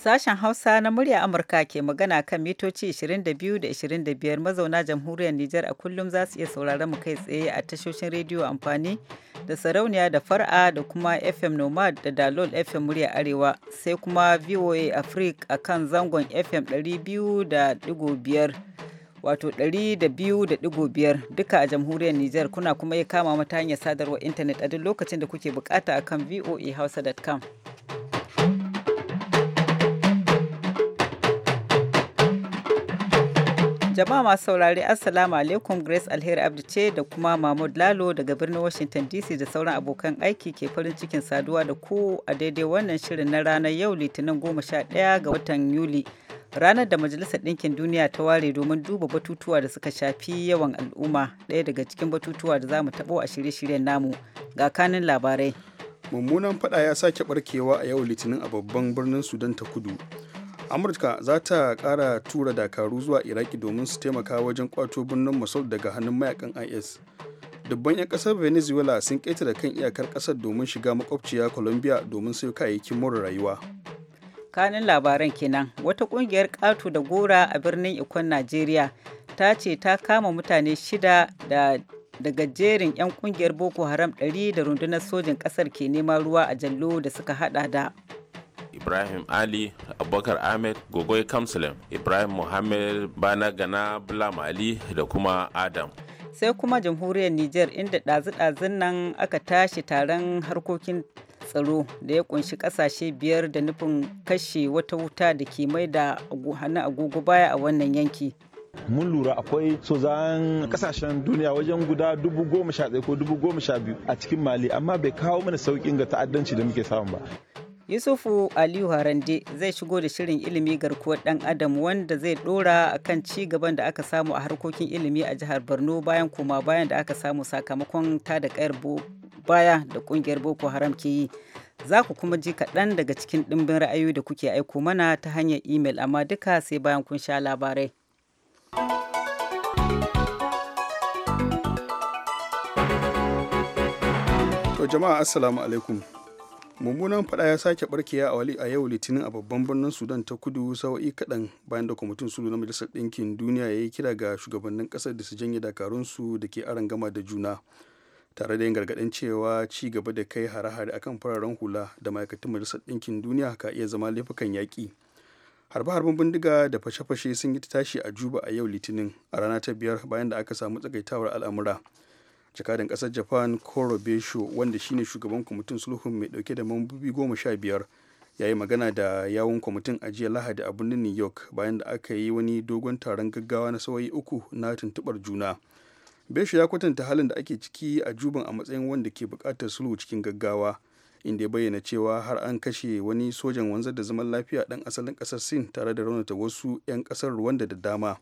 Sashen Hausa na murya Amurka ke magana kan mitoci 22 25 mazauna jamhuriyar Nijar a kullum za su iya sauraron mu kai tsaye a tashoshin rediyo amfani da sarauniya da far'a da kuma FM Nomad da Dalol FM murya Arewa sai kuma VOA Africa a kan zangon FM 200.5 wato 200.5 duka a jamhuriyar Nijar kuna kuma ya kama mata hanyar sadarwar intanet a duk lokacin da kuke bukata a kan voahausa.com. jama'a masu saurari assalamu alaikum grace alheri abdu ce da kuma mahmud lalo daga birnin washington dc da sauran abokan aiki ke farin cikin saduwa da ku a daidai wannan shirin na ranar yau litinin 11 ga watan yuli ranar da majalisar ɗinkin duniya ta ware domin duba batutuwa da suka shafi yawan al'umma ɗaya daga cikin batutuwa da za mu taɓo a shirye-shiryen namu ga kanin labarai mummunan faɗa ya sake barkewa a yau litinin a babban birnin sudan ta kudu amurka za ta kara tura dakaru zuwa iraki domin su taimaka wajen kwato birnin mosul daga hannun mayakan is dubban 'yan ƙasar venezuela sun ƙetare kan iyakar kasar domin shiga makwabciya colombia domin sayo kayayyakin mura rayuwa kanin labaran kenan wata kungiyar ƙato da gora a birnin ikon najeriya ta ce ta kama mutane shida da daga jerin 'yan kungiyar boko haram 100 da rundunar sojin kasar ke neman ruwa a jallo da suka hada da ibrahim ali abubakar ahmed gogoi kamsulem ibrahim muhammad bana gana bulam ali da kuma adam sai kuma jamhuriyar niger inda ɗazu-ɗazun nan aka tashi taron harkokin tsaro da ya kunshi kasashe biyar da nufin kashe wata wuta da ke mai da hannun agogo baya a wannan yanki mun lura akwai sozan kasashen duniya wajen guda dubu goma sha ɗaya ko dubu goma sha biyu a cikin mali amma bai kawo mana sauƙin ga ta'addanci da muke samu ba yusufu aliyu harande zai shigo da shirin ilimi garkuwar dan adam wanda zai ɗora a kan ci gaban da aka samu a harkokin ilimi a jihar borno bayan koma bayan da aka samu sakamakon tada kayar baya da kungiyar boko haram ke yi za ku kuma ji kaɗan daga cikin ɗimbin ra'ayoyi da kuke aiko mana ta hanyar imel amma duka sai bayan kun sha labarai to jama'a assalamu alaikum mummunan fada ya sake barkewa a wali a yau litinin a babban birnin sudan ta kudu sawa'i kaɗan bayan da kwamitin sulu na majalisar ɗinkin duniya ya yi kira ga shugabannin ƙasar da su janye dakarunsu da ke aron gama da juna tare da yin gargaɗin cewa ci gaba da kai hare-hare kan fararen hula da ma'aikatan majalisar ɗinkin duniya ka iya zama laifukan yaƙi harbe-harben bindiga da fashe-fashe sun yi tashi a juba a yau litinin a rana ta biyar bayan da aka samu tsagaitawar al'amura jakadan ƙasar japan koro besho wanda shine shugaban kwamitin sulhun mai ɗauke da mambobi goma sha biyar ya yi magana da yawun kwamitin a lahadi a birnin new york bayan da aka yi wani dogon taron gaggawa na sawayi uku na tuntuɓar juna Beshi ya kwatanta halin da ake ciki a Juban a matsayin wanda ke bukatar sulhu cikin gaggawa, inda ya bayyana cewa har an kashe wani sojan wanzar da zaman lafiya dan asalin kasar Sin tare da raunata wasu 'yan kasar Rwanda da dama.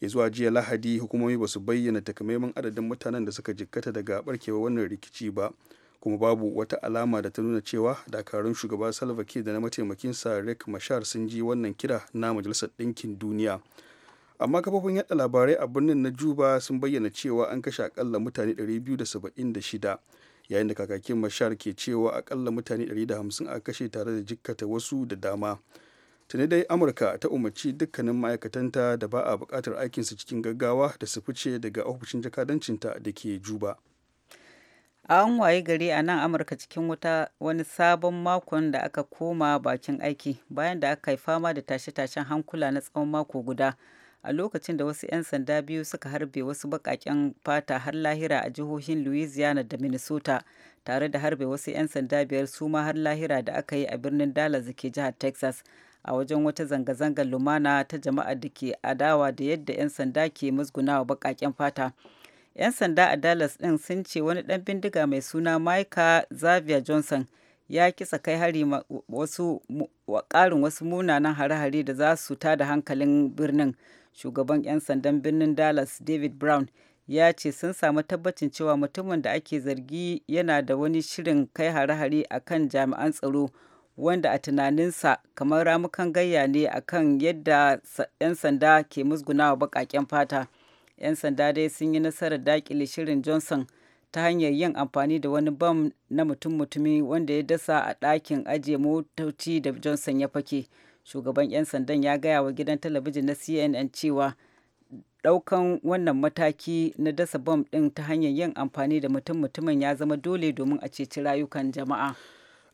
ya zuwa jiya Lahadi hukumomi ba su bayyana takamaiman adadin mutanen da suka jikkata daga barkewa wannan rikici ba, kuma babu wata alama da ta nuna cewa dakarun shugaba Salva Kiir da na mataimakinsa rick mashar sun ji wannan kira na Majalisar Ɗinkin Duniya. amma kafofin yada labarai a birnin na juba sun bayyana cewa an kashe akalla mutane 276 yayin da kakakin mashar ke cewa akalla mutane 150 a kashe tare da jikkata wasu da dama tuni dai amurka ta umarci dukkanin ma'aikatanta da ba a bukatar aikinsu cikin gaggawa da su fice daga ofishin jakadancinta da ke juba an waye gari a nan amurka cikin wuta wani sabon makon da aka koma bakin aiki bayan da aka yi fama da tashe-tashen hankula na tsawon mako guda a lokacin da wasu 'yan sanda biyu suka harbe wasu baƙaƙen fata har lahira a jihohin louisiana da minnesota tare da harbe wasu 'yan sanda biyar su ma har lahira da aka yi a birnin dallas da ke jihar texas a wajen wata zanga-zangar lumana ta jama'a da ke adawa da yadda 'yan sanda ke musgunawa baƙaƙen fata 'yan sanda a dallas ɗin sun ce wani dan bindiga mai suna micah xavier johnson ya kisa kai hari wasu ƙarin wasu munanan hare-hare da za su tada hankalin birnin shugaban 'yan sandan birnin dallas david brown ya ce sun samu tabbacin cewa mutumin da ake zargi yana da wani shirin kai hare-hare a kan jami'an tsaro wanda a tunaninsa kamar ramukan gayya ne a kan yadda 'yan sanda ke musgunawa baƙaƙen fata 'yan sanda dai sun yi nasarar daƙile shirin johnson ta hanyar yin amfani da wani bam na mutum-mutumi wanda ya dasa a ɗakin ajiye motoci da johnson ya fake shugaban 'yan sandan ya gaya wa gidan talabijin na cnn cewa daukan wannan mataki na dasa bom din ta hanyar yin amfani da mutum-mutumin ya zama dole domin a ceci rayukan jama'a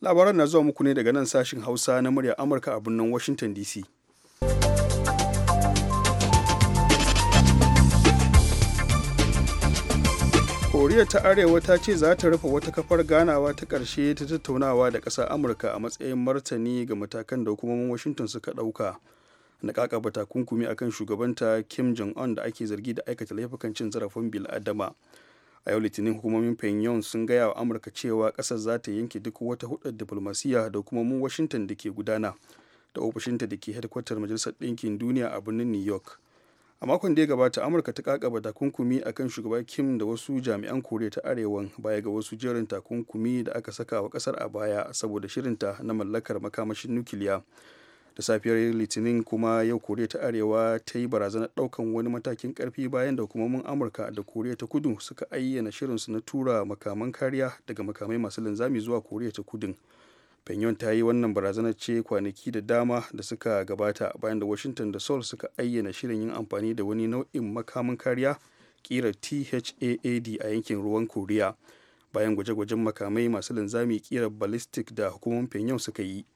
labaran na zuwa muku ne daga nan sashin hausa na murya amurka a birnin washington dc koriya ta arewa ta ce za ta rufe wata kafar ganawa ta ƙarshe ta tattaunawa da ƙasar amurka a matsayin martani ga matakan da hukumomin washington suka ɗauka na kakaba takunkumi akan shugabanta kim jong-un da ake zargi da aikata laifukan cin zarafin bil adama a yau litinin hukumomin pyongyang sun gaya wa amurka cewa ƙasar za ta yanke duk wata hudar diflomasiyya da hukumomin washington da ke gudana da ofishinta da ke hedkwatar majalisar ɗinkin duniya a birnin new york a makon da ya gabata amurka ta kakaba takunkumi akan shugaba kim da wasu jami'an koriya ta arewan baya ga wasu jerin takunkumi da aka saka wa kasar a baya saboda shirinta na mallakar makamashin nukiliya da safiyar litinin kuma yau koriya ta arewa ta yi barazanar daukan wani matakin karfi bayan da hukumomin amurka da koriya ta kudu suka ayyana shirinsu na tura makaman kariya daga makamai masu linzami zuwa koriya ta kudu. Pyongyang ta yi wannan barazanar ce kwanaki da dama da suka gabata bayan da Washington da Seoul suka ayyana shirin yin amfani da wani nau'in makamin kariya kira THAAD a yankin ruwan Koriya bayan gwaje-gwajen makamai masu linzami kira ballistic da hukumar Pyongyang suka yi.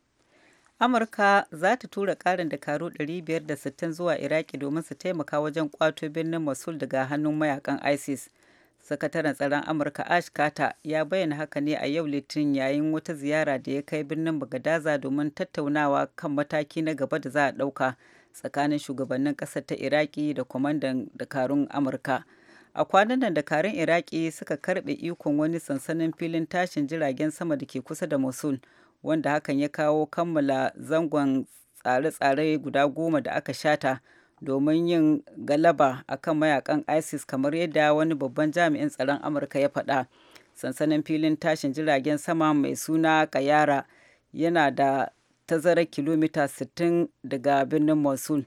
Amurka za ta tura karin dakaru 560 zuwa Iraki domin su taimaka wajen kwato birnin Mosul daga hannun mayakan ISIS. sakataren tsaron amurka ash kata ya bayyana haka ne a yau litinin yayin wata ziyara da ya kai birnin bagadaza domin tattaunawa kan mataki na gaba da za a ɗauka tsakanin shugabannin ƙasar ta iraki da kwamandan dakarun amurka a kwanan nan dakarun iraki suka karbe ikon wani sansanin filin tashin jiragen sama da ke kusa da mosul wanda hakan ya kawo kammala zangon tsare-tsare guda goma da aka shata domin yin galaba akan mayakan isis kamar yadda wani babban jami'in tsaron amurka ya faɗa sansanin filin tashin jiragen sama mai suna kayara yana da tazarar kilomita 60 daga birnin mosul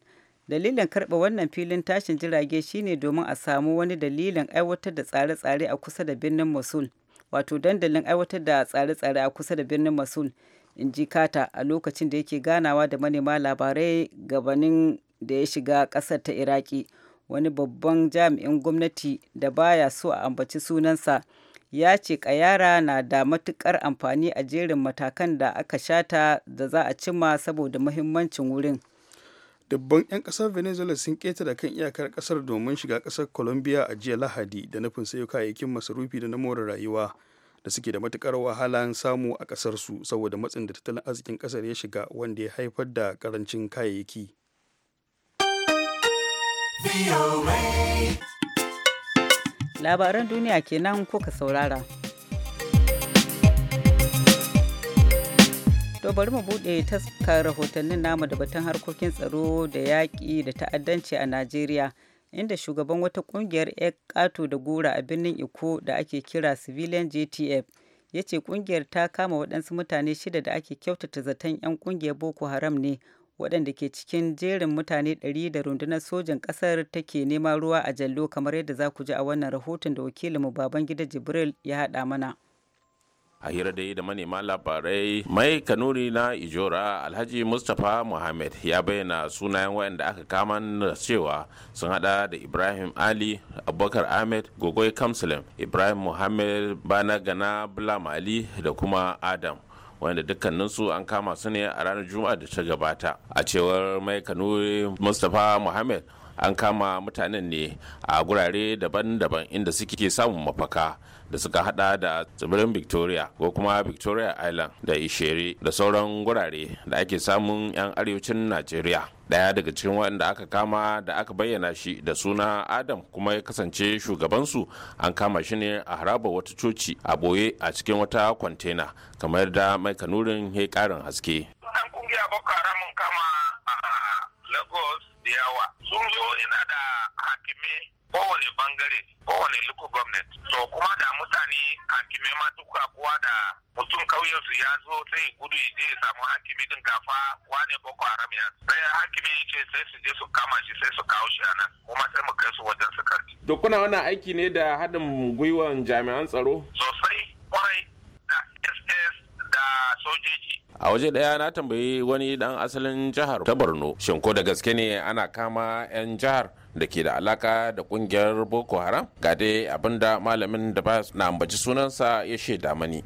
dalilin karɓa wannan filin tashin jirage shine domin a samu wani dalilin aiwatar da tsare-tsare a kusa da birnin mosul wato dandalin aiwatar da tsare-tsare a kusa da birnin mosul in ji kata a lokacin da yake ganawa da manema labarai gabanin da ya shiga ƙasar ta iraki wani babban jami'in gwamnati da baya so a ambaci sunansa ya ce kayara na da matukar amfani a jerin matakan da aka shata da za a cima saboda mahimmancin wurin dabban 'yan kasar venezuela sun da kan iyakar kasar domin shiga kasar colombia a jiya lahadi da nufin sayo kayayyakin masarufi da na more rayuwa da suke da matukar wahalan samu a kasar su saboda matsin da tattalin arzikin kasar ya shiga wanda ya haifar da karancin kayayyaki Labaran duniya kenan kuka saurara. To bari mu buɗe taskar rahotannin namu da batun harkokin tsaro da yaƙi da ta'addanci a Najeriya, inda shugaban wata kungiyar 'yan ƙato da gora a birnin Iko da ake kira Civilian JTF ya ce ƙungiyar ta kama waɗansu mutane shida da ake kyautata zaton 'yan ƙungiyar Boko Haram ne waɗanda ke cikin jerin mutane ɗari da rundunar sojan ƙasar take neman ruwa a jallo kamar yadda za ku ji a wannan rahoton da wakilinmu baban gida jibril ya haɗa mana a hira da yi da manema labarai mai kanuri na ijora alhaji mustapha muhammed ya bayyana sunayen waɗanda aka kama da cewa sun hada da ibrahim ali abubakar ahmed gogoi kamsalem ibrahim muhammed bana gana bulam ali da kuma adam wanda dukkaninsu an kama su ne a ranar juma'a da ta gabata a cewar mai kanuri mustapha muhammad an kama mutanen ne a gurare daban-daban inda suke samun mafaka da suka hada da tsibirin victoria ko kuma victoria island da ishere da sauran gurare da ake samun 'yan arewacin najeriya daya daga cikin waɗanda aka kama da aka bayyana shi da suna adam kuma ya kasance shugabansu an kama shi ne a haraba wata coci a boye a cikin wata kwantena kamar da mai kanurin ya karin haske kama a lagos da yawa sun zo ina da hakimi kowane bangare kowane local government to kuma da mutane hakimai ma kowa kuwa da mutum kauyensu ya zo sai gudu je ya samu hakimi din gafa wane boko haram ya sai hakimi yake sai su je su kama shi sai su kawo shi anan kuma sai mu kai su wajen su karbi to kuna wani aiki ne da haɗin gwiwan jami'an tsaro sosai kwarai da ss da sojoji a waje daya na tambayi wani dan asalin jihar ta borno shin ko da gaske ne ana kama 'yan jihar da ke da alaka da kungiyar boko haram ga dai abinda malamin da ba na ambaci sunansa ya shaida mani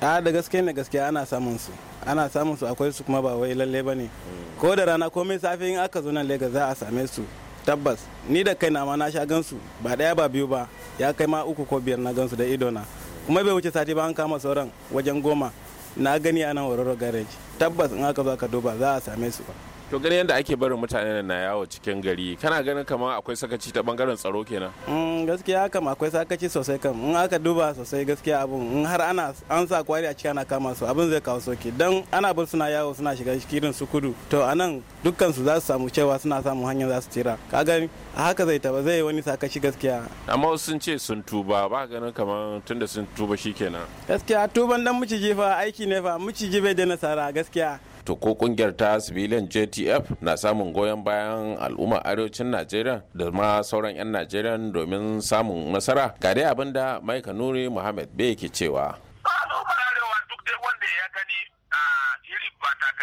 a da gaske ne gaske ana samun su ana samun su akwai su kuma ba wai lalle ba ne hmm. ko da rana ko komai safe in aka zo nan lagos za a same su tabbas ni da kai ma na sha gansu ba daya ba biyu ba ya kai ma uku ko biyar na gansu da idona kuma bai wuce sati ba an kama sauran wajen goma na gani a nan wararo garage tabbas in aka zo aka duba za a same su ba to ganin yadda ake barin mutane na yawo cikin gari kana ganin kamar akwai sakaci ta bangaren tsaro kenan mm, gaskiya kam akwai sakaci sosai kam in aka duba sosai gaskiya abun in har ana an sa kwari a ciki ana kama su abin zai kawo soke dan ana bar suna yawo suna shiga cikin su kudu to anan dukkan su za su samu cewa suna samun hanyar za su tira ka gani a haka zai taba zai wani sakaci gaskiya amma wasu sun ce sun tuba ba ganin kamar tunda sun tuba shikenan gaskiya tuban dan miciji fa aiki ne fa miciji bai daina nasara gaskiya to ko kungiyar ta civilian jtf na samun goyon bayan al'ummar arewacin najeriya da ma sauran 'yan najeriya domin samun nasara ga dai abin da maika nuri muhammad bai ke cewa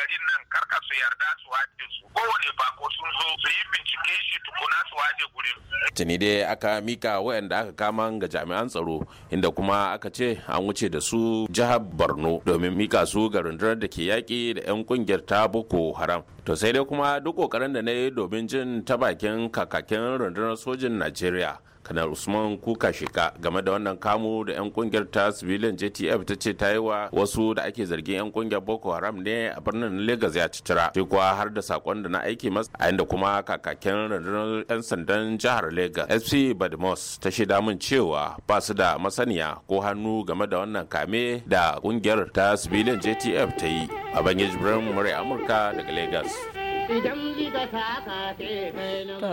garin nan karka su yarda su haɗe su kowane bako sun zo su yi bincike shi tukuna su haɗe gurin. tuni dai aka mika wayanda aka kama ga jami'an tsaro inda kuma aka ce an wuce da su jihar borno domin mika su ga rundunar da ke yaƙi da 'yan ƙungiyar ta boko haram to sai dai kuma duk ƙoƙarin da na yi domin jin ta bakin kakakin rundunar sojin najeriya kanar usman kuka shika game da wannan kamu da 'yan kungiyar ta civilian jtf ta ce ta yi wa wasu da ake zargin 'yan kungiyar boko haram ne a birnin lagos ya cicira sai kuwa har da sakon da na aiki masa a inda kuma kakakin rundunar 'yan sandan jihar lagos fc badmos ta shaida min cewa ba su da masaniya ko hannu game da wannan kame da kungiyar ta civilian jtf ta yi a bangeji birnin murai amurka daga lagos To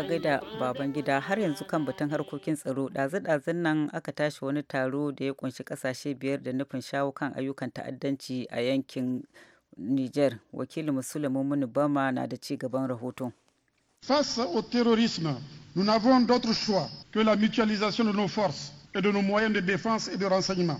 gaida baban gida har yanzu kan batun harkokin tsaro ɗazu-ɗazun nan aka tashi wani taro da ya kunshi kasashe biyar da nufin shawo kan ayyukan ta'addanci a yankin Niger. Wakilin Musulmi Muni Bama na da ci gaban rahoton. Face au terrorisme, nous n'avons d'autre choix que la mutualisation de nos forces et de nos moyens de défense et de renseignement.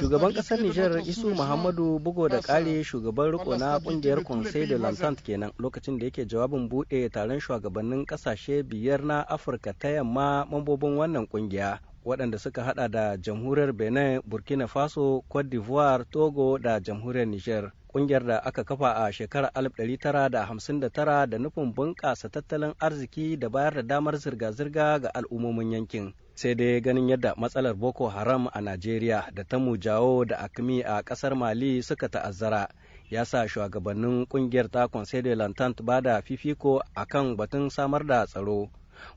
shugaban kasar nijar isu muhammadu bugo da kare shugaban riko na kungiyar conseil de l'entente kenan lokacin da yake jawabin bude taron shugabannin kasashe biyar na afirka ta yamma mambobin wannan kungiya waɗanda suka hada da jamhuriyar benin burkina faso cote d'ivoire togo da jamhuriyar Nijar. kungiyar da aka kafa a shekarar 1959 da nufin bunƙasa tattalin arziki da bayar da damar zirga-zirga ga al'ummomin yankin sai dai ganin yadda matsalar boko haram a najeriya da ta mujawo da akmi a kasar mali suka ta'azzara ya sa shugabannin kungiyar takon sai de lantant ba da fifiko akan batun samar da tsaro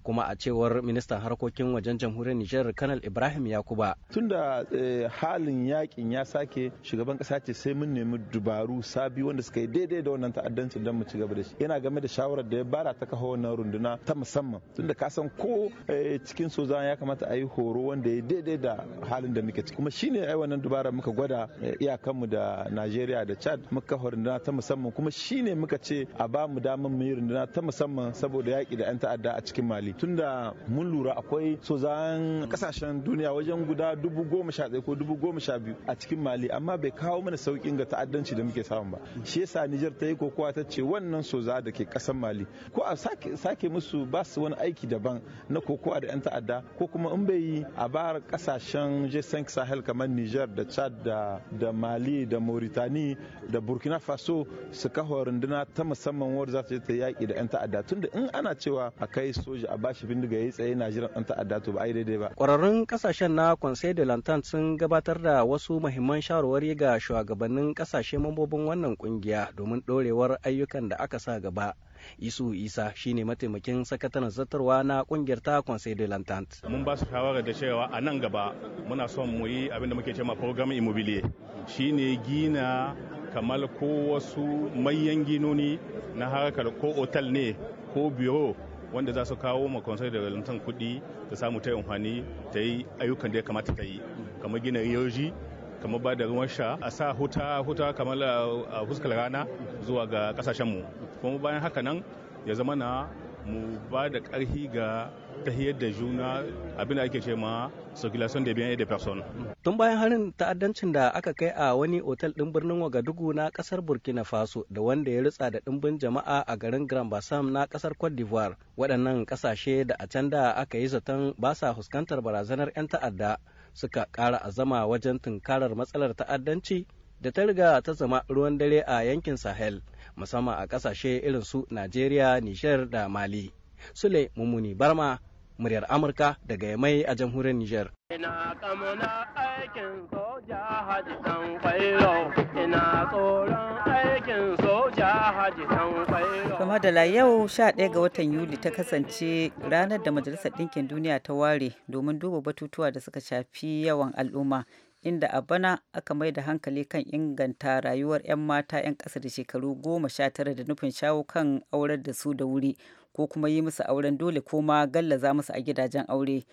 kuma a cewar ministan harkokin wajen jamhuriyar Nijar Kanal Ibrahim Yakuba. Tunda eh, halin yakin ya sake shugaban kasa ce sai mun nemi dubaru sabi wanda suka yi daidai da wannan ta'addancin don mu ci gaba da shi. Yana game da shawarar da ya bara ta kafa wannan runduna ta musamman tunda ka san ko eh, cikin sojan ya kamata a yi horo wanda ya daidai da halin da muke ciki kuma shine ai wannan dubara muka gwada eh, iyakanmu da Najeriya da Chad muka runduna ta musamman kuma shine muka ce a ba mu damar mu yi runduna ta musamman saboda yaki da 'yan ta'adda a cikin mali tunda mun lura akwai sozan kasashen duniya wajen guda dubu goma sha ɗaya ko dubu goma sha biyu a cikin mali amma bai kawo mana sauƙin ga ta'addanci da muke samu ba shi yasa Nijar ta yi kokowa ta ce wannan soza da ke kasan mali ko a sake musu ba su wani aiki daban na kokowa da 'yan ta'adda ko kuma in bai yi a bar kasashen G5 Sahel kamar Nijar da Chad da Mali da Mauritani da Burkina Faso su kawo runduna ta musamman wadda za ta je ta yaƙi da 'yan ta'adda tunda in ana cewa a kai soja shi a bashi bindiga ya tsaye na jiran dan ta'adda to ba ai daidai ba kwararrun kasashen na conseil de l'entente sun gabatar da wasu muhimman shawarwari ga shugabannin kasashe mambobin wannan kungiya domin dorewar ayyukan da aka sa gaba isu isa shine mataimakin sakataren zartarwa na kungiyar ta conseil de l'entente mun ba su shawara da cewa a nan gaba muna son mu yi abin da muke cewa program immobilier shine gina kamar ko wasu manyan ginoni na harkar ko otal ne ko biro wanda za su kawo ma konsai da lantan kuɗi ta samu ta amfani ta yi ayyukan da ya kamata ta yi kamar gina yoji kamar ba da ruwan sha a sa huta huta kamar ah, a fuskar rana zuwa ga kasashenmu kuma bayan haka nan ya zama na mu ba da ƙarfi ga tahiyar da juna abin da ake ce ma circulation bien et de personne Tun bayan harin ta'addancin da aka kai a wani otal din birnin Wagadugu na ƙasar Burkina Faso da wanda ya ritsa da dimbin jama'a a garin Grand Bassam na kasar Cote d'Ivoire waɗannan ƙasashe da a can da aka yi zaton ba sa fuskantar barazanar 'yan ta'adda suka ƙara azama wajen tunkarar matsalar ta'addanci da ta riga ta zama ruwan dare a yankin Sahel musamman a ƙasashe irin su Najeriya, Nijar da Mali. Sule Mumuni Barma, muryar Amurka daga Yamai a jamhuriyar Nijar. Ina kamuna aikin soja haji dan kwairo, ina tsoron aikin soja haji dan kwairo. Kama da yau 11 ga watan Yuli ta kasance ranar da Majalisar Ɗinkin Duniya ta ware domin duba batutuwa da suka shafi yawan al'umma. inda a bana aka mai da hankali kan inganta rayuwar 'yan mata 'yan ƙasa da shekaru goma sha tara da nufin shawo kan aurar da su da wuri ko kuma yi musu auren dole ko ma galla za musu a gidajen aure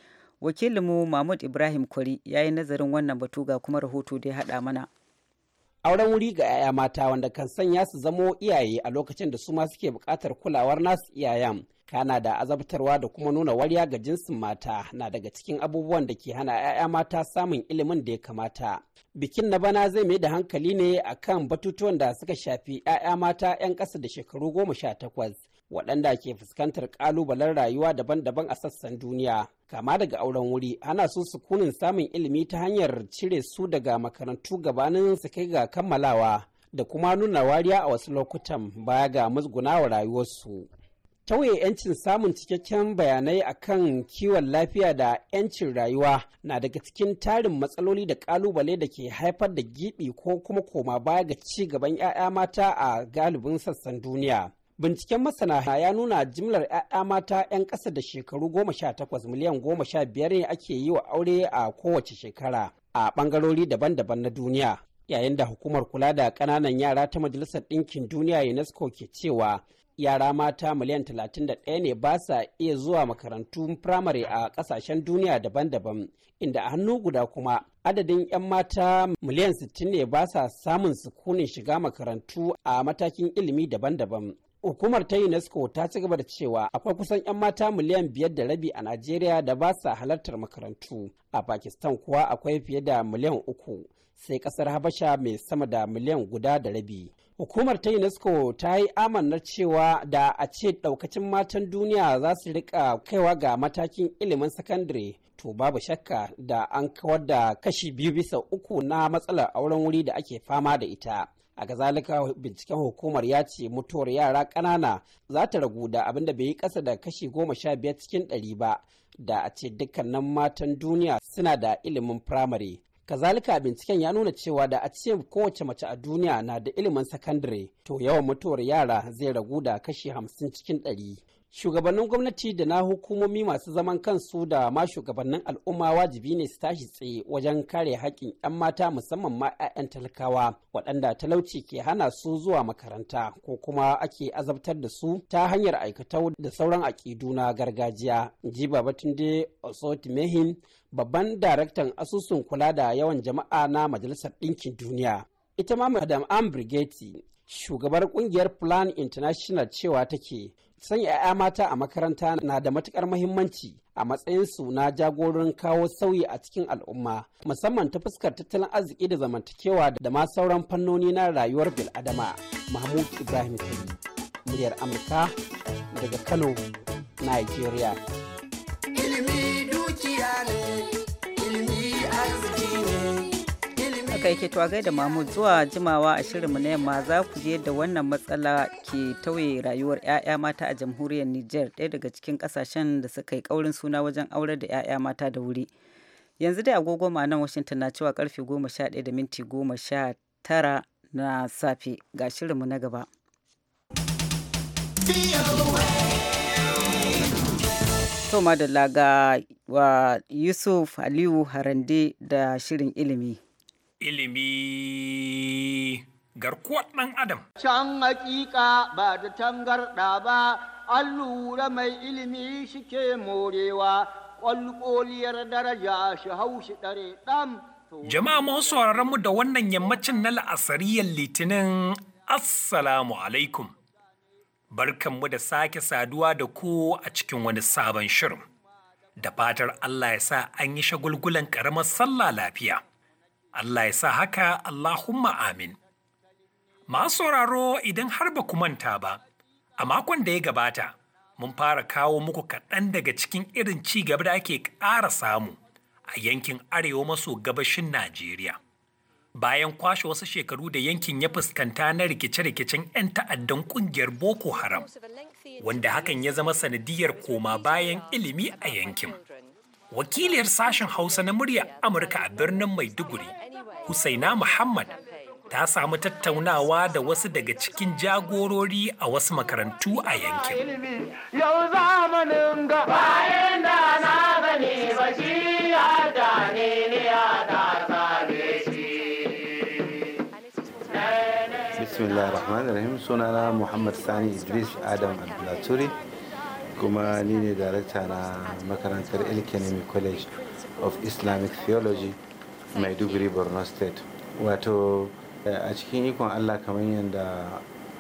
wakilinmu mahmud ibrahim kwari ya yi nazarin wannan batu ga kuma rahoto da ya haɗa mana auren wuri ga 'ya'ya mata wanda kan sanya su zamo iyaye a lokacin da su ma suke buƙatar kulawar nasu iyayen kana da azabtarwa da kuma nuna warya ga jinsin mata na daga cikin abubuwan da ke hana 'ya'ya mata samun ilimin da ya kamata bikin na bana zai mai da hankali ne akan batutuwan da suka shafi 'ya'ya mata 'yan ƙasa da shekaru goma sha takwas waɗanda ke fuskantar ƙalubalen rayuwa daban-daban a sassan duniya kama daga auren wuri ana su sukunin samun ilimi ta hanyar cire su daga makarantu gabanin su kai ga kammalawa da kuma nuna wariya a wasu lokutan baya ga musgunawa rayuwarsu tauye 'yancin samun cikakken bayanai akan kiwon lafiya da 'yancin rayuwa na daga cikin tarin matsaloli da kalubale da ke haifar da gibi ko kuma koma baya ga ci gaban 'ya'ya mata a galibin sassan duniya Binciken masana ya nuna jimlar 'ya'ya mata 'yan ƙasa da shekaru 18 miliyan 15 ne ake yi wa aure a kowace shekara a bangarori daban-daban na duniya. Yayin da hukumar kula da ƙananan yara ta Majalisar Ɗinkin Duniya UNESCO ke cewa yara mata miliyan 31 ne ba sa iya zuwa makarantun firamare a ƙasashen duniya daban-daban inda a hannu guda kuma adadin 'yan mata miliyan 60 ne ba sa samun sukunin shiga makarantu a matakin ilimi daban-daban Hukumar ta UNESCO ta ci gaba da cewa akwai kusan 'yan mata miliyan biyar da rabi a Najeriya da ba sa halartar makarantu. A Pakistan kuwa akwai fiye da miliyan uku, sai kasar Habasha mai sama da miliyan guda da rabi. Hukumar ta UNESCO ta yi amanar cewa da a ce ɗaukacin matan duniya za su rika kaiwa ga matakin ilimin sakandare to babu shakka da an kawar da kashi biyu bisa uku na matsalar auren wuri da ake fama da ita. a kazalika binciken hukumar ya ce mutuwar yara ƙanana za ta ragu da abin da bai yi ƙasa da kashi goma sha biyar cikin ɗari ba da a ce dukkanin matan duniya suna da ilimin firamare kazalika binciken ya nuna cewa da a ce kowace mace a duniya na da ilimin sakandare to yawan mutuwar yara zai ragu da kashi hamsin cikin ɗari shugabannin gwamnati da na hukumomi masu zaman kansu da ma shugabannin al'umma wajibi ne su tashi tsaye wajen kare haƙƙin 'yan mata musamman ma 'ya'yan talakawa waɗanda talauci ke hana su zuwa makaranta ko kuma ake azabtar da su ta hanyar aikatau da sauran aƙidu na gargajiya ji babatunde mehin babban daraktan asusun kula da yawan jama'a na majalisar ɗinkin duniya ita ma madam ambrigeti shugabar ƙungiyar plan international cewa take Sanya 'ya'ya mata a makaranta na da matukar muhimmanci a matsayinsu na jagororin kawo sauyi a cikin al'umma musamman ta fuskar tattalin arziki da zamantakewa da ma sauran fannoni na rayuwar bil'adama. Mahmud Ibrahim Kari, muryar Amurka daga Kano, Nigeria. yake to da mamu zuwa jimawa a shirinmu na yamma za ku je da wannan matsala ke tauye rayuwar 'ya'ya mata a jamhuriyar Nijar ɗaya daga cikin ƙasashen da suka yi ƙaurin suna wajen aurar da 'ya'ya mata da wuri. Yanzu dai agogo ma nan Washington na cewa karfe 11 da minti 19 na safe ga shirinmu na gaba. To madalla wa Yusuf Aliyu Harande da shirin ilimi. ilimi garkuwar ɗan adam. Can hakika ba da tangarɗa ba, an lura mai ilimi shi ke morewa, ƙwalƙoliyar daraja shi haushi ɗare ɗan. Jama'a masu mu da wannan yammacin na la'asariyar litinin Assalamu alaikum. mu da sake saduwa da ku a cikin wani sabon shirin. Da fatar Allah ya sa an yi shagulgulan ƙaramar sallah lafiya. Allah ya sa haka Allahumma amin. Masu sauraro idan har ba ku manta ba, a makon da ya gabata, mun fara kawo muku kaɗan daga cikin irin ci gaba da ake ƙara samu a yankin arewa maso gabashin Najeriya. Bayan kwashe wasu shekaru da yankin ya fuskanta na rikice-rikicen 'yan ta'addan ƙungiyar Boko Haram, wanda hakan ya zama sanadiyar koma bayan ilimi a yankin. wakiliyar sashen Hausa na muryar Amurka a birnin Maiduguri, Husaina Muhammad, ta samu tattaunawa da wasu daga cikin jagorori a wasu makarantu a yankin. Yau zamanin ga bayan da na gani ba shi ya ne ne ya da shi. Bismillah rahman rahim sunana Muhammad Sani Idris Adam abdullaturi kuma ni ne darakta na makarantar elkenemi college of islamic theology maiduguri borno state wato eh, a cikin ikon allah kamar yadda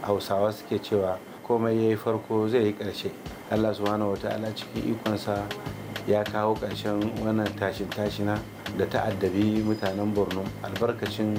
hausawa suke cewa komai ya yi farko zai yi ƙarshe allah subhanahu wa ta'ala cikin ikonsa ya kawo ƙarshen wannan tashin tashina da ta'addabi mutanen borno albarkacin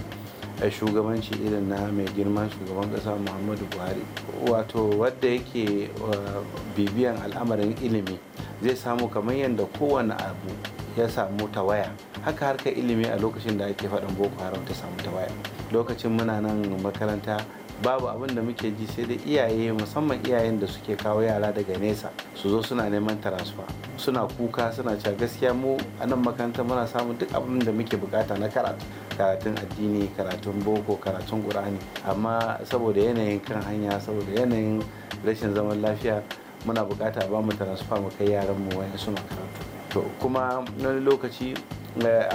A shugabanci irin na mai girman shugaban ƙasa muhammadu buhari wato wadda yake uh, bibiyan al'amarin ilimi zai samu kamar yadda kowane abu ya samu tawaya haka harkar ilimi a lokacin da ake faɗin boko haram ta samu tawaya lokacin muna nan makaranta babu abin da muke ji sai dai iyaye musamman iyayen da suke kawo yara daga nesa su zo suna neman transfer suna kuka suna cewa gaskiya mu a nan makaranta muna samun duk abin da muke bukata na karatu karatun addini karatun boko karatun qur'ani amma saboda yanayin kan hanya saboda yanayin rashin zaman lafiya muna bukata ba mu transfer mu kai yaran mu wani su makaranta to kuma wani lokaci eh,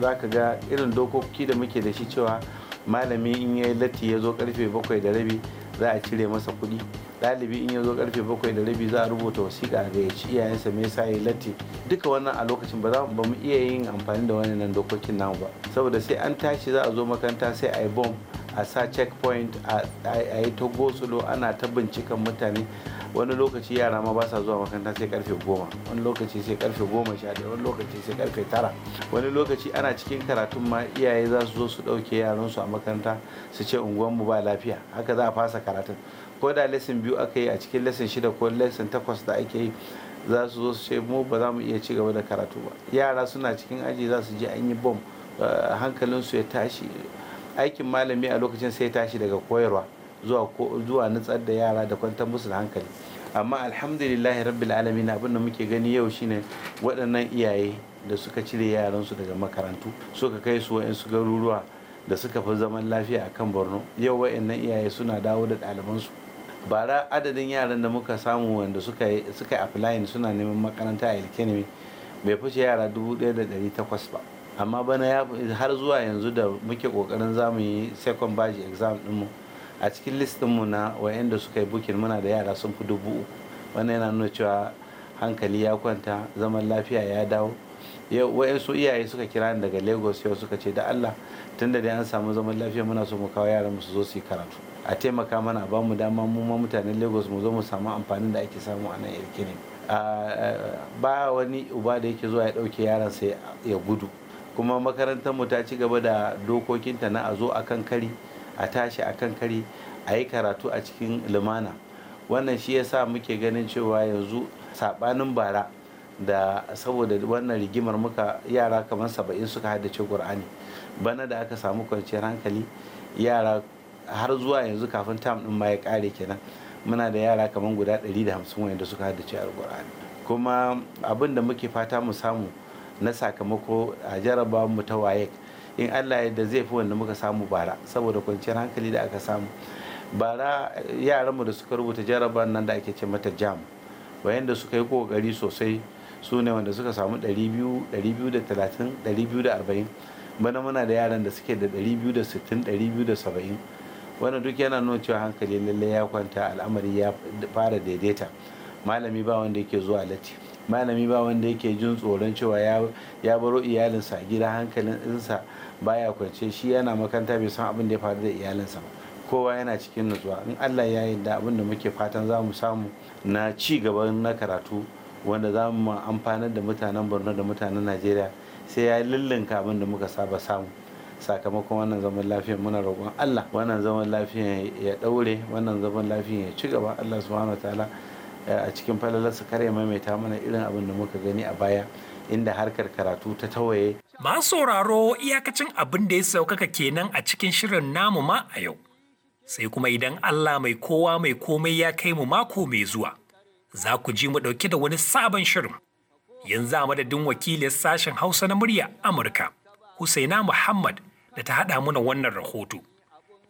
za ka ga irin dokoki da muke da shi cewa malami in ya yi latti ya zo karfe bakwai da rabi za a cire masa kuɗi ɗalibi in ya zo karfe bakwai da rabi za a rubuta wasiƙa ga ya ci iyayensa me yasa ya latti duka wannan a lokacin ba ba mu iya yin amfani da wannan dokokin namu ba saboda sai an tashi za a zo makaranta sai a yi a sa checkpoint a yi ta gosulo ana ta binciken mutane wani lokaci yara ma ba sa zuwa makaranta sai karfe goma wani lokaci sai karfe goma sha ɗaya wani lokaci sai karfe tara wani lokaci ana cikin karatun ma iyaye za su zo su ɗauke yaransu a makaranta su ce unguwanmu ba lafiya haka za a fasa karatun ko da lesson biyu aka yi a cikin lesson shida ko lesson takwas da ake yi za su zo su ce mu ba za mu iya ci gaba da karatu ba yara suna cikin aji za su je an yi bom eh, hankalinsu ya tashi aikin malami a lokacin sai tashi daga koyarwa zuwa zuwa nutsar da yara da kwantar musu hankali amma alhamdulillahi rabbil alamin abin da muke gani yau shine waɗannan iyaye da suka cire yaransu daga makarantu suka kai su wa'insu garuruwa da suka fi zaman lafiya a kan borno yau wa'annan iyaye suna dawo da ɗalibansu bara adadin yaran da muka samu wanda suka yi applying suna neman makaranta a ilkenemi bai fice yara ɗaya da ɗari takwas ba amma bana har zuwa yanzu da muke kokarin za mu yi second batch exam dinmu a cikin list mu na wayanda suka yi bukin muna da yara sun fi dubu uku wannan yana nuna cewa hankali ya kwanta zaman lafiya ya dawo wayansu iyaye suka kira ni daga lagos yau suka ce da allah tun da dai an samu zaman lafiya muna so mu kawo yaran su zo su yi karatu a taimaka mana a bamu dama mu ma mutanen lagos mu zo mu samu amfanin da ake samu a nan irkini ba wani uba da yake zuwa ya ɗauke yaran sai ya gudu kuma makarantar mu ta ci gaba da dokokinta na a zo a kan kari a tashi a kan kari a yi karatu a cikin lumana wannan shi yasa muke ganin cewa yanzu sabanin bara da saboda wannan rigimar muka yara kamar saba'in suka haddace qur'ani bana da aka samu kwanciyar hankali yara har zuwa yanzu kafin tam din ma ya kare kenan muna da yara kamar guda 150 wanda suka haddace alqur'ani kuma abin da muke fata mu samu na sakamako a jaraba mu ta waye in allah yadda zai fi wanda muka samu bara saboda kwanciyar hankali da aka samu bara eh, yaranmu da suka rubuta jarrabar nan da ake ce mata jam bayan da suka yi kokari sosai su ne wanda suka samu 200 230 240 bana muna da yaran da suke da 260 270 wannan duk yana nuna cewa hankali lallai ya kwanta al'amari ya fara daidaita malami ba wanda yake zuwa latti malami ba wanda yake jin tsoron cewa ya baro iyalinsa gida hankalin insa baya kwance shi yana makanta bai san abin da ya faru da iyalinsa ba kowa yana cikin nutsuwa in allah ya da abin da muke fatan za mu samu na ci gaban na karatu wanda za mu amfanar da mutanen borno da mutanen najeriya sai ya lullunka abin da muka saba samu sakamakon wannan zaman lafiyan muna roƙon allah wannan zaman lafiyan ya ɗaure wannan zaman lafiyan ya ci gaba allah subhanahu wa ta'ala Eh, a cikin falalar su kare maimaita mana irin abin da muka gani a baya inda harkar karatu ta tawaye. Ma sauraro iyakacin abin da ya saukaka kenan a cikin shirin namu ma a yau. Sai kuma idan Allah mai kowa mai komai ya kai mu mako mai zuwa, za ku ji mu ɗauke da wani sabon shirin. Yanzu a madadin wakilin sashen Hausa na murya Amurka, Husaina Muhammad da ta haɗa mana wannan rahoto.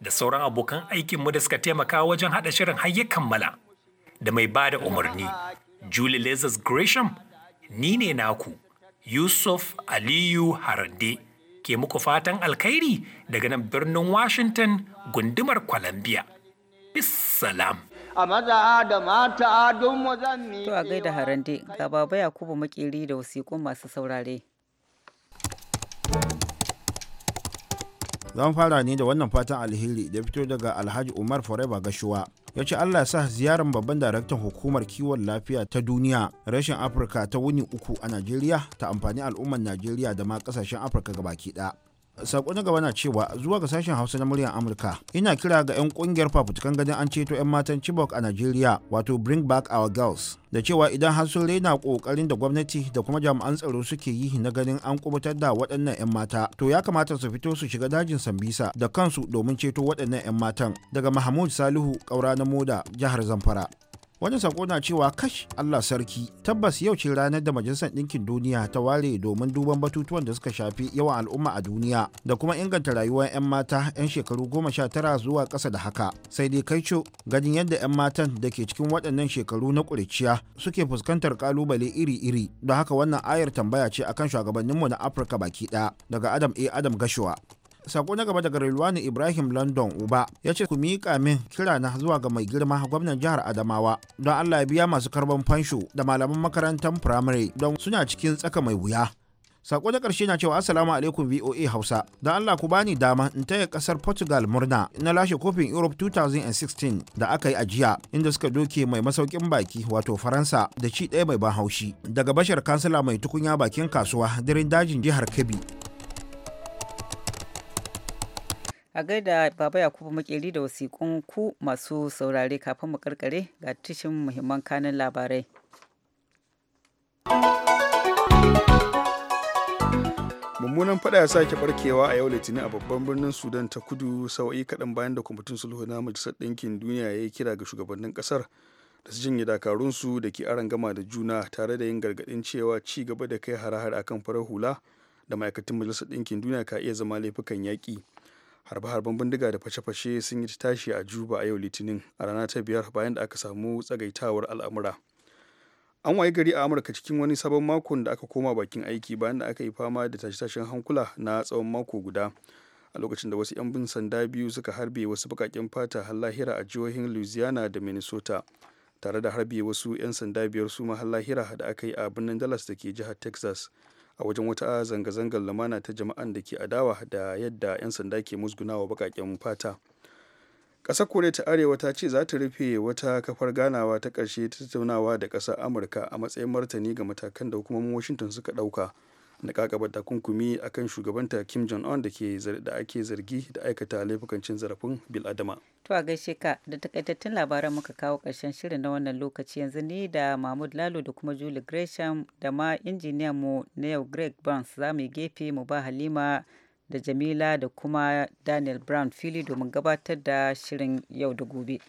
Da sauran abokan aikinmu da suka taimaka wajen haɗa shirin har ya kammala. da mai ba da umarni Julie Lazarus Gresham ni ne naku Yusuf Aliyu Harande ke muku fatan alkhairi daga nan birnin Washington gundumar Columbia. Bissalam. a maza da mata don mu zan To a gaida harande, ga baba Yakubu makeri da wasiƙun masu saurare. zan fara ne da wannan fatan alheri da fito daga alhaji umar forever gashuwa ya ce allah sa ziyarar babban daraktan hukumar kiwon lafiya ta duniya rashin afirka ta wuni uku a najeriya ta amfani al'ummar najeriya da ma kasashen afirka gabaki ɗaya sako na gaba na cewa zuwa ga sashen hausa na muryar amurka ina kira ga 'yan kungiyar fafutukan ganin an ceto 'yan matan chibok a nigeria wato bring back our girls da cewa idan har sun raina kokarin da gwamnati da kuma jami'an tsaro suke yi na ganin an kubutar da waɗannan 'yan mata to ya kamata su fito su shiga dajin sambisa da kansu domin ceto waɗannan 'yan matan daga mahmud salihu ƙaura na moda jihar zamfara wani sako na cewa kash allah sarki tabbas yau ce ranar da majalisar ɗinkin duniya ta ware domin duban batutuwan da suka shafi yawan al'umma a duniya da kuma inganta rayuwar 'yan mata 'yan shekaru goma sha tara zuwa ƙasa da haka sai dai kai ganin yadda 'yan matan da ke cikin waɗannan shekaru na ƙuriciya suke fuskantar ƙalubale iri-iri don haka wannan ayar tambaya ce akan shugabanninmu na afirka baki ɗaya daga adam a adam gashuwa sako na gaba daga Rilwani Ibrahim London Uba ya ce ku miƙa min kira na zuwa ga mai girma gwamnan jihar Adamawa don Allah ya biya masu karban fansho da malaman makarantar firamare don suna cikin tsaka mai wuya. Sako na ƙarshe na cewa Assalamu alaikum VOA Hausa. Don Allah ku bani dama in taya ƙasar Portugal murna na lashe kofin Europe 2016 da aka yi a jiya inda suka doke mai masaukin baki wato Faransa da ci ɗaya mai ban haushi daga bashar kansila mai tukunya bakin kasuwa daren dajin jihar Kebbi. a gaida baba yakubu makeri da wasiƙun ku masu saurare kafin mu karkare ga tushen muhimman kanin labarai mummunan fada ya sake barkewa a yau litinin a babban birnin sudan ta kudu sawa'i kaɗan bayan da kwamitin sulhu na majalisar ɗinkin duniya ya yi kira ga shugabannin ƙasar da su janye dakarunsu da ke aron gama da juna tare da yin gargaɗin cewa ci gaba da kai hare-hare akan farar hula da ma'aikatan majalisar ɗinkin duniya ka iya zama laifukan yaƙi harba harban bindiga da fashe-fashe sun yi tashi a juba a yau litinin a rana ta biyar bayan da aka samu tsagaitawar al'amura an waye gari a amurka cikin wani sabon makon da aka koma bakin aiki bayan da aka yi fama da tashe-tashen hankula na tsawon mako guda a lokacin da wasu 'yan bin sanda biyu suka harbe wasu bakakin fata har lahira a jihohin louisiana da minnesota tare da harbe wasu 'yan sanda biyar su har lahira da aka yi a birnin dallas da ke jihar texas a wajen wata zanga-zangar lamana ta jama'an da ke adawa da yadda 'yan sanda ke musgunawa baƙaƙen fata ƙasar kore ta arewa ta ce za ta rufe wata kafar ganawa ta ƙarshe ta tattaunawa da ƙasar amurka a matsayin martani ga matakan da hukumomin washington suka ɗauka na kakabar takunkumi a kan shugabanta kim jong un da ake zargi da aikata laifukan cin zarafin adama to a gaishe ka da takaitattun labaran muka kawo karshen shirin na wannan lokaci yanzu ni da mahmud lalo da kuma julie gresham da ma injiniyan mu na yau greg barnes za mu gefe mu ba halima da jamila da kuma daniel brown fili domin gabatar da shirin yau da gobe